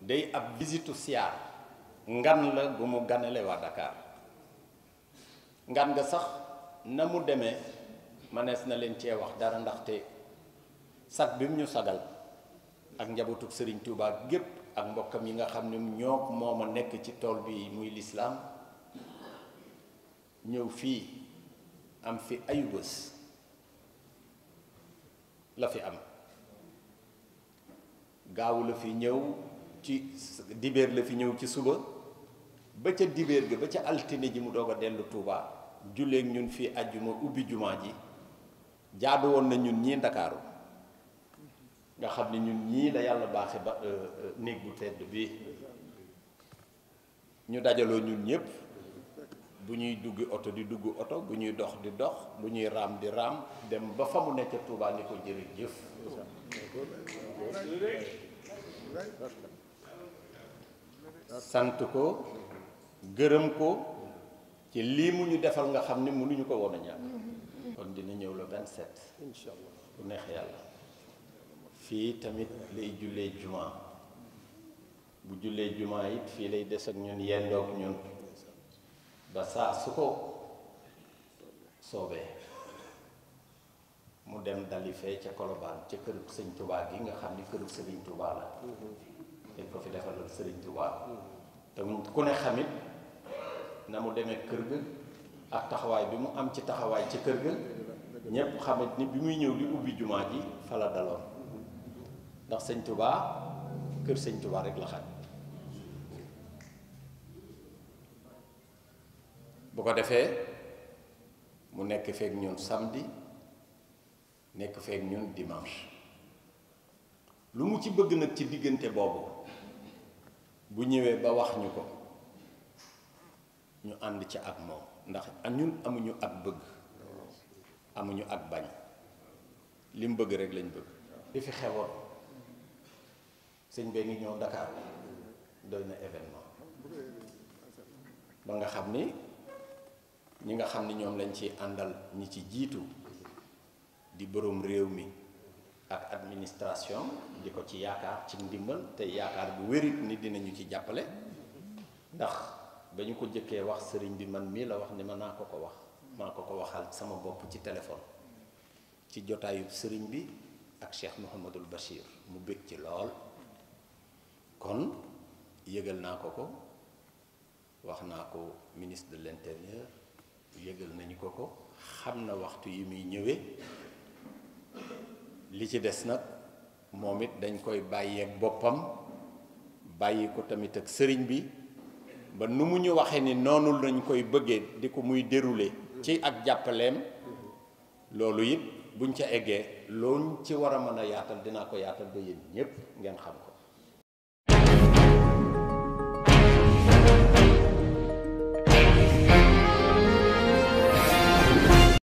day ab bisitu siyaar ngan la bu mu ganale waa Dakar ngan ga sax na mu demee mënees na leen cee wax dara ndaxte sag bi mu ñu sagal ak njabootug sëriñ Touba gépp ak mbokkam yi nga xam ne ñoo moom a nekk ci tool bi muy lislaam ñëw fii am fi ayu bés la fi am gaawu la fi ñëw ci dibéer la fi ñëw ci suba ba ca dibéer ga ba ca altine ji mu doog a dellu tuubaa julleeg ñun fii àjjuma ubbi jumaa ji jaadu woon na ñun ñii ndakaaru nga xam ne ñun ñii la yàlla baaxe ba euh, euh, néeg bu tedd bi ñu dajaloo ñun ñëpp bu ñuy dugg oto di dugg oto bu ñuy dox di dox bu ñuy raam di raam dem ba fa mu nekk tuubaa ni ko jëf sant ko gërëm ko ci lii mu ñu defal nga xam ni mënuñu ko woon ñàkk kon dina ñëw la 27 incha bu neex yàlla fii tamit lay jullee juma bu jullee juma it fii lay des ak ñun yendoog ñun ba saa su ko soobee mu dem dali fee ca Colobane ca kërug sëñ Touba gi nga xam ni kërug sëriñ Touba la mm-hmm. dañ ko fi defaloon Serigne Touba te ku ne xamit na mu demee kër ga ak taxawaay bi mu am ci taxawaay ci kër gi ñépp xamit ni bi muy ñëw li ubbi jumaa ji fa la daloon ndax sëñ Touba kër sëñ Touba rek la bu ko defee mu nekk feek ñun samedi nekk feek ñun dimanche lu mu ci bëgg nag ci diggante boobu bu ñëwee ba wax ñu ko ñu ànd ci ak moom ndax ñun amuñu ak bëgg amuñu ak bañ li bëgg rek lañ bëgg li fi xewoon sëñ bee ngi ñëw Dakar doy na événement ba nga xam ni ñi nga xam ni ñoom lañ ci àndal ñi ci jiitu di boroom réew mi ak administration di ko ci yaakaar ci ndimbal te yaakaar bu wérit ni dinañu ci jàppale ndax ba ñu ko jëkkee wax sëriñ bi man mii la wax ni ma naa ko ko wax maa ko ko waxal sama bopp ci téléphone ci jotaayu sëriñ bi ak Cheikh Mouhamadul Bachir mu bég ci lool kon yëgal naa ko ko wax naa ko ministre de l'intérieur yëgal nañu ko ko xam na waxtu yi muy ñëwee li ci des nag moom it dañ koy bàyyeek boppam bàyyi ko tamit ak sëriñ bi ba nu mu ñu waxee ni noonu lañ koy bëggee di ko muy dérouler ci ak jàppaleem loolu it buñ ca eggee loolu ci war a mën a yaatal dinaa ko yaatal ba yéen ñëpp ngeen xam